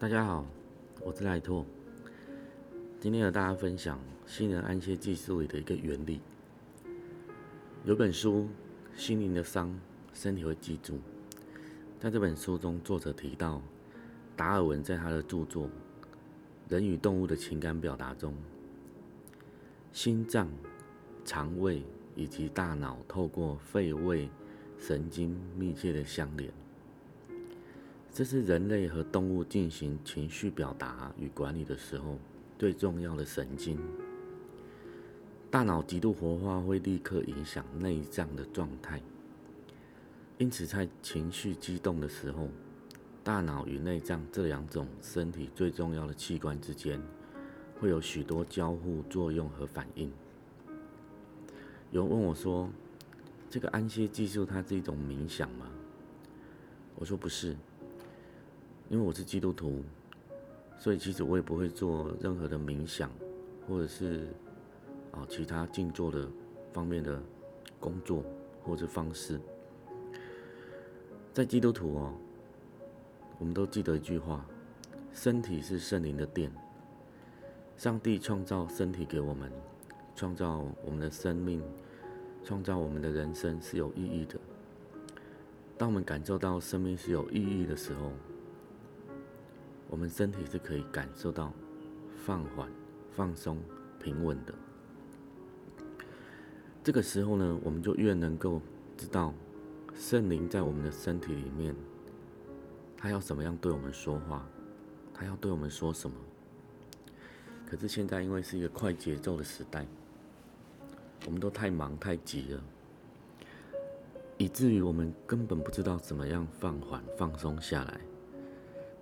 大家好，我是賴拓。今天和大家分享心人安歇技術裡的一個原理。有本書《心靈的傷，身體會記住》。在這本書中，作者提到，達爾文在他的著作《人與動物的情感表達》中，心臟、腸胃以及大腦透過肺胃神經密切的相連。這是人類和動物進行情緒表達與管理的時候最重要的神經。大腦極度活化會立刻影響內臟的狀態，因此在情緒激動的時候，大腦與內臟這兩種身體最重要的器官之間會有許多交互作用和反應。有人問我說：“這個安歇技術它是一種冥想嗎？”我說：“不是。”因為我是基督徒，所以其實我也不會做任何的冥想，或者是啊其他靜坐的方面的工作或者方式。在基督徒哦，我們都記得一句話：身體是聖靈的殿，上帝創造身體給我們，創造我們的生命，創造我們的人生是有意義的。當我們感受到生命是有意義的時候，我們身體是可以感受到放緩、放鬆、平穩的。這個時候呢，我們就越能夠知道聖靈在我們的身體裡面，他要怎麼樣對我們說話，他要對我們說什麼。可是現在因為是一個快節奏的時代，我們都太忙、太急了，以至於我們根本不知道怎麼樣放緩、放鬆下來。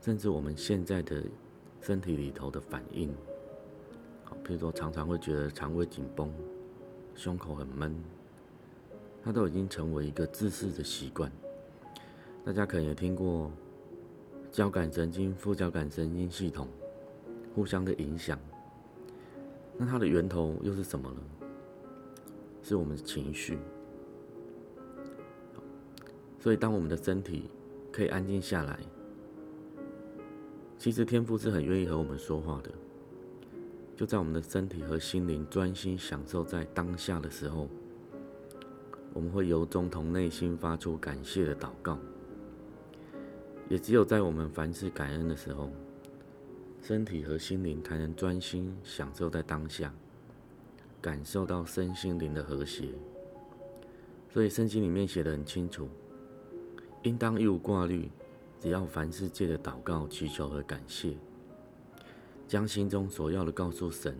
甚至我們現在的身體裡頭的反應，譬如說常常會覺得腸胃緊繃、胸口很悶，它都已經成為一個自恃的習慣。大家可能也聽過交感神經、副交感神經系統互相的影響，那它的源頭又是什麼呢？是我們的情緒。所以當我們的身體可以安靜下來，其實天父是很願意和我們說話的，就在我們的身體和心靈專心享受在當下的時候，我們會由衷從內心發出感謝的禱告。也只有在我們凡事感恩的時候，身體和心靈才能專心享受在當下，感受到身心靈的和諧。所以聖經裡面寫得很清楚，應當一無掛慮。只要凡事借着禱告、祈求和感謝，將心中所要的告訴神，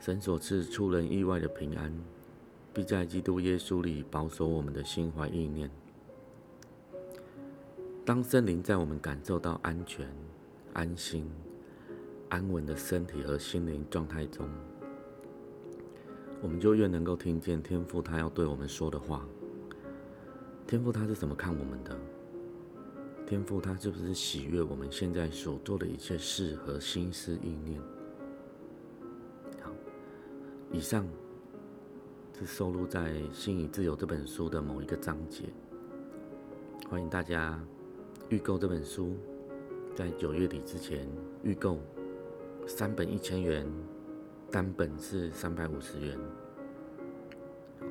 神所賜出人意外的平安，必在基督耶穌裡保守我們的心懷意念。當聖靈在我們感受到安全、安心、安穩的身體和心靈狀態中，我們就越能夠聽見天父他要對我們說的話。天父他是怎麼看我們的？天父，他是不是喜悅？我們現在所做的一切事和心思意念。好，以上是收錄在《心已自由》這本書的某一個章節。歡迎大家預購這本書，在九月底之前預購，三本一千元，單本是三百五十元，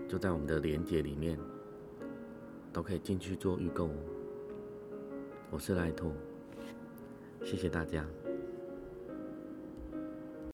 就在我們的鏈接裡面，都可以進去做預購。我是賴兔，謝謝大家。